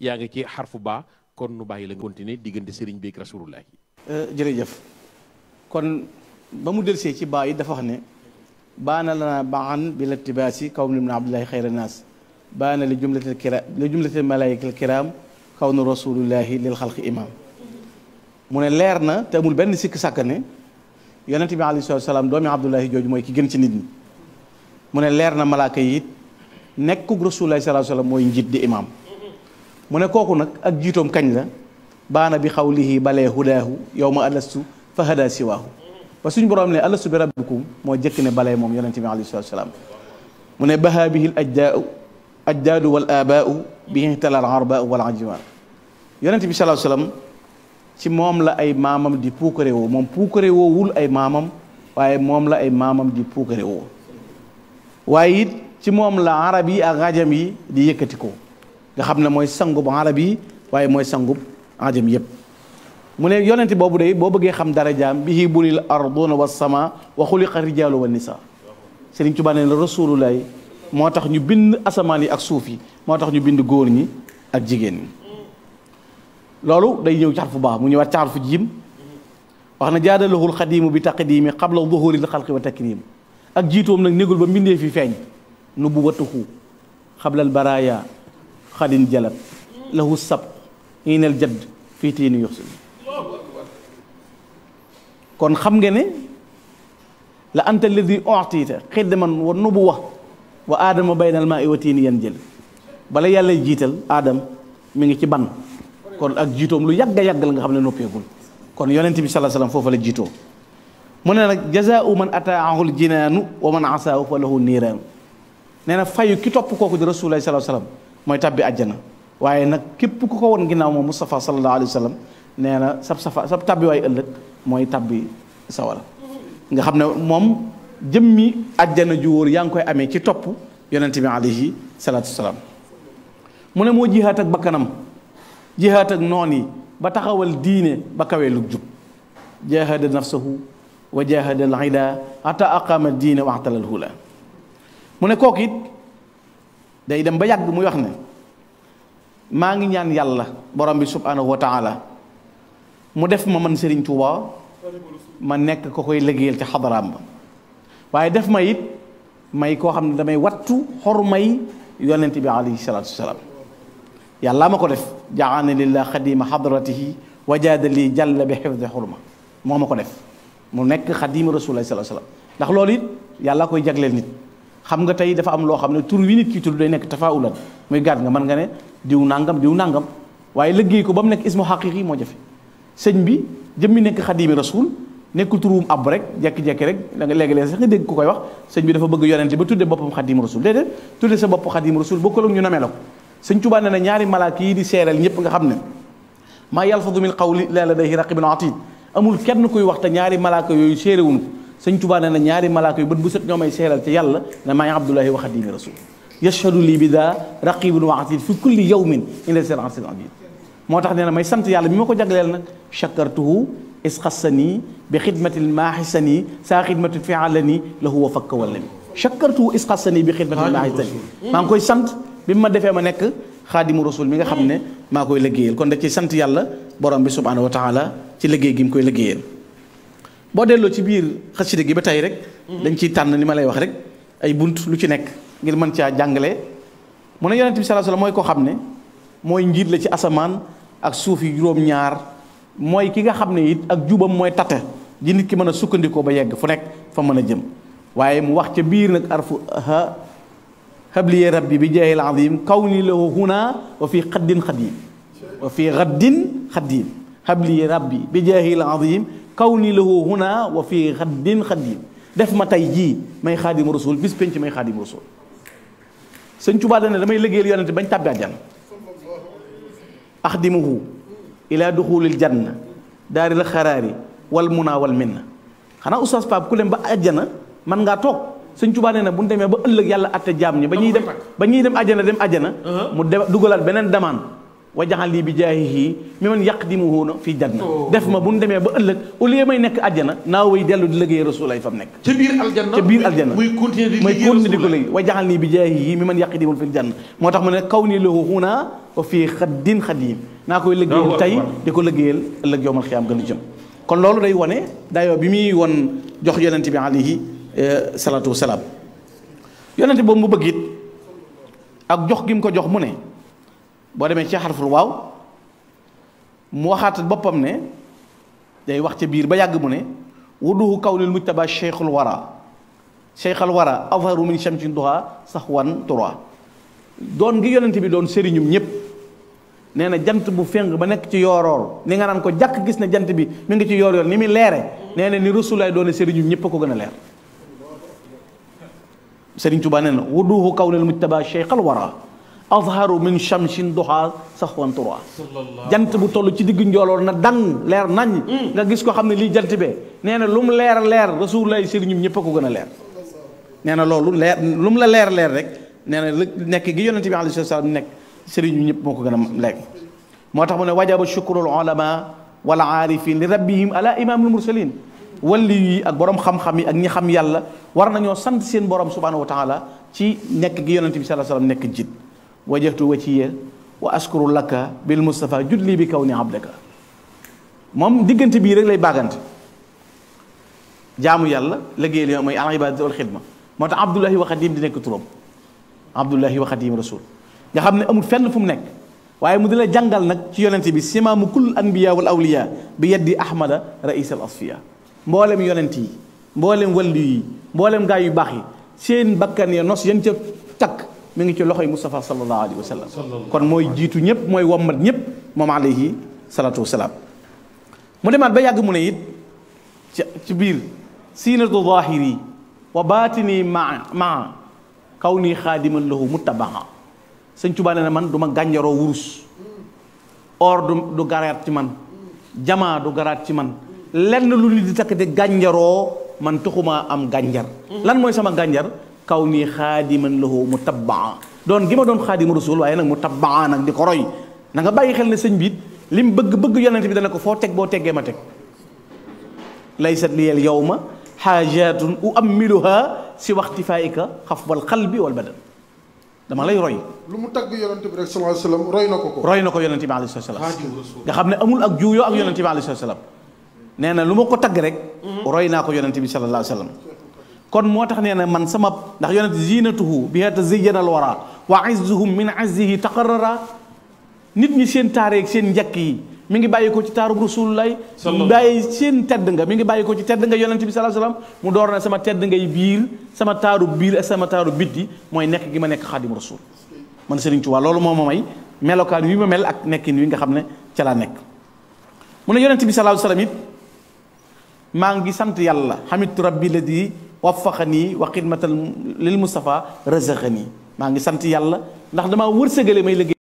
yaa ngi ci xarfu baa kon nu bàyyi la nga continuer diggante sëriñ bi ak rasulullah euh, jërëjëf kon ba mu delsee ci baa yi dafa wax ne baana lana baan bi la tibaasi kaw nu ibn abdullahi xayra naas baana li jumlatil kira li jumlatil malaayikal kiraam kaw nu rasulullahi lil mu ne leer na te amul benn sikk sàkk ne yonent bi alayhi salaatu salaam jooju mooy ki gën ci nit mu ne leer na malaaka yi it nekkug rasulullahi mooy njiit di imaam mu ne kooku nag ak jiitoom kañ la baana bi xawlihi balee hudaahu yow ma alastu fa hada siwaahu ba suñ borom ne alastu bi rabbikum moo jëkk ne balee moom yonente bi alayhi salatu wasalaam mu ne baha bihi l ajdaau ajdaadu wal abaau bi ihtala al wal ajwaan yonente bi salatu salaam ci moom la ay maamam di puukare woo moom puukare woo wul ay maamam waaye moom la ay maamam di puukare woo waaye it ci moom la arab yi ak rajam yi di yëkkati ko nga xam ne mooy sangub arab yi waaye mooy sangub ajam yëpp mu ne yonente boobu day boo bëggee xam dara darajaam bihi bulil arduna wa sama wa xuliqa rijaalu wa nisa Sëriñ Tuubaa ne la rasulullahi moo tax ñu bind asamaan yi ak suuf yi moo tax ñu bind góor ñi ak jigéen ñi loolu day ñëw caxar fu baax mu ñëwaat caxar fu jiim wax na jaadalahul xadiimu bi taqdiimi qabla duhuril xalqi wa takrim ak jiitoom nag négul ba mbindee fi feeñ nubuwatuhu xablal baraya خالد جلب له السب إن الجد في تين يحسن كون خمجني لا أنت الذي أعطيت قدما والنبوة وآدم بين الماء وتين ينجل بل يلا جيتل آدم من كبان كون أجيتهم لو يجع يجع لنا خمل نوبي يقول كون يوننتي بسلا سلام فوفل جيتو من جزاء من أتى الجنان ومن عصاه فله نيران نحن فايو كتاب كوكو الرسول صلى الله عليه وسلم mooy tabbi àjjana waaye nag képp ku ko won ginnaaw moom Moustapha sallallahu alayhi wa sallam nee na sab safa sab tabbi waay ëllëg mooy tabbi sawara nga xam ne moom jëmmi àjjana ju wóor yaa ngi koy amee ci topp yonente bi alayhi salaatu wasalaam mu ne moo jihaat ak bakkanam jihaat ak noon yi ba taxawal diine ba kawee lu jub jahada nafsahu wa jahada al ida hatta aqama diine waxtalal hula mu ne kooku day dem ba yàgg muy wax ne maa ngi ñaan yàlla borom bi subhanahu wa taala mu def ma man Serigne Touba ma nekk ko koy liggéeyal ci xadaraam ba waaye def ma it may koo xam ne damay wattu xormay yonent bi alayhi salaatu wasalaam yàlla ma ko def jaana lillah xadima xadratihi wajaada li jàll bi xifdi ma moo ma ko def mu nekk xadima rasulullah salaam ndax loolu it yàlla koy jagleel nit xam nga tey dafa am loo xam ne tur wi nit ki tudd day nekk tafaawulan muy gaat nga mën nga ne diw nangam diw nangam waaye liggéey ko ba mu nekk ismu xaqiqi moo jafe sëñ bi mi nekk xadiimi rasul nekkul turuwum ab rek jekki-jekki rek da nga léegi sax nga dégg ku koy wax sëñ bi dafa bëgg yonente ba tudde boppam xadiim rasul déedéet tudde sa bopp xadiim rasul bokkul ak ñu namee la ko sëñ Tuubaa nee na ñaari malaaka yi di seeral ñëpp nga xam ne maa yalfadu min qawli laa ladayhi raqibun atid amul kenn kuy wax te ñaari malaaka yooyu séerewuñu سيدنا توبا نانا نياري ملاك يبد بوسط نيوم اي سيرال تي يالا نا ماي عبد الله وخديم رسول يشهد لي بدا رقيب وعتيد في كل يوم ان سير عرس العظيم موتاخ نانا ماي سانت يالا ميمكو جاغلال نك شكرته اسخصني بخدمه الماحسني سا خدمه فعلني له وفك ولني شكرته اسخصني بخدمه الماحسني مانكوي سانت بما دفي ما نيك خادم الرسول ميغا خامني ماكوي لغيال كون داكي سانت يالا بروم بي سبحانه وتعالى تي لغيي غيم كوي لغيال boo delloo ci biir xasida gi ba tey rek. dañ ciy tànn li ma lay wax rek ay bunt lu ci nekk ngir mën caa jàngale. mu ne yonent bi sallallahu alayhi wasallam mooy koo xam ne mooy njiit la ci asamaan ak suuf yi juróom-ñaar mooy ki nga xam ne it ak jubam mooy tata ji nit ki mën a sukkandikoo ba yegg fu nekk fa mën a jëm waaye mu wax ca biir nag arfu ha habliye rabbi bi jaahil azim kaw ni lahu huna wa fi xaddin xadim wa fi xaddin xadim habliye rabbi bi jaahil azim كوني له هنا وفي غد خديم داف ما تاي جي ماي خادم بس بنتي ماي خادم الرسول سن توبا دنا داماي ليغيل يونت بن تابع جان اخدمه الى دخول الجنه دار الخراري والمنا والمنه خنا استاذ باب كولم با اجنا من nga tok seigne touba neena buñu démé ba ëlëk yalla atté jamm ñi bañuy dem bañuy dem aljana وجعل لي بجاهه ممن يقدمه في الجنه داف ما بون ديمي با اولك اولي ماي نيك ادنا ناوي ديلو دي لغي رسول الله فام نيك تي بير الجنه تي بير الجنه موي كونتيني دي لغي وجعل لي بجاهه ممن يقدمه في الجنه موتاخ من كوني له هنا وفي خد خديم ناكوي لغي تاي ديكو لغيل الك يوم القيامه غن جيم كون لولو داي واني دايو بي مي وون جوخ يونتي بي عليه الصلاه والسلام يونتي بو مو بغيت اك جوخ جيم كو جوخ مو boo demee ci xarful waaw mu waxaat boppam ne day wax ci biir ba yàgg mu ne wuduhu kawnil mujtaba cheikhul wara cheikhul wara azharu min shamsin sax wan troit doon ngi yonent bi doon sëriñum ñëpp nee na jant bu féng ba nekk ci yooroor ni nga naan ko jàkk gis ne jant bi mu ngi ci yoor yoor ni muy leere nee na ni rasulaay doone sëriñum ñëpp a ko gën a leer sëriñ Tuubaa nee na wuduhu kawnil mujtaba cheikhul wara أظهر من شمس duha sahwan tura jant بو تولو سي ديغ njooloor نا دان لير nañ nga gis ko xam li jant be neena lum leer mu leer leer rasulullahi ñum ñëpp ko gëna leer neena lolu loolu leer lu la leer leer rek neena nek gi yonnati bi alayhi salatu nek nekk sëriñum ñëpp moko gëna gën a leer moo mu ne wajabu shukrul ulama wal arifin li rabbihim ala imamul mursalin walli ak borom xam-xam yi ak ñi xam yàlla war nañu sant seen borom subhanahu wa taala ci nek gi yonnati bi sallallahu alayhi wasallam nek jitt وجهت وجهي واشكر لك بالمصطفى جد لي بكوني عبدك موم ديغنت بي رك لاي باغنت جامو يالا لغي لي ماي العباده والخدمه موت عبد الله وخديم دي نيك تروم عبد الله وخديم رسول يا خامن امول فن فوم نيك waye mu dina jangal nak ci yonenti bi simam kul anbiya wal awliya bi yaddi ahmad rais al asfiya mbolem yonenti mbolem waldi mbolem gay yu bax yi mi ngi ci loxoy mustafa sallallahu alaihi wasallam kon moy jitu ñep moy wommat ñep mom alihi salatu wasalaam mu demat ba yag mu ne yit ci ci biir zahiri wa batini ma, ma kauni khadiman lahu muttabaa señ tuba ne man duma ganjaro wurus or du du garat ci man jama du garat ci man len lu nit di tak de ganjaro man tukuma am ganjar mm-hmm. lan moy sama ganjar. كوني nii xaadiman lahu mu tabbaa doon gi ma doon xaadima rasul waaye nag mu tabbaa nag di ko roy na nga bàyyi xel ne sëñ biit li mu bëgg bëgg yonent bi dana ko foo teg boo teggee ma teg laysat liyal yawma dama lay roy lu mu tagg yonent bi rek sallallahu alayhi wasallam roy na ko ko roy na ko yonent bi alayhi salaam nga xam amul ak juuyoo ak yonent bi alayhi salaam nee na lu ma ko tagg rek roy naa ko bi sallallahu alayhi wasallam kon motax neena man sama ndax yonent zinatuhu bi hata ziyyanal wara wa izzuhum min azzihi taqarrara nit ñi seen ak seen njëkk yi mi ngi bayiko ci taarub rasulullah bàyyi seen tedd nga mi ngi bayiko ci tedd nga yonent bi sallallahu alayhi wasallam mu door na sama tedd ngay biir sama taaru biir ak sama taaru biddi moy nek gi ma nek khadim rasul man Serigne Touba lolu moma may melokaan wi ma mel ak nekkin wi nga xamne ci la nek mu ne yonent bi salaa salaam it maa ngi sant yàlla hamidu rabbi ladhi وفقني وخدمة للمصطفى رزقني ما عندي سنتي يلا نحن ما ورسقلي ما يلقي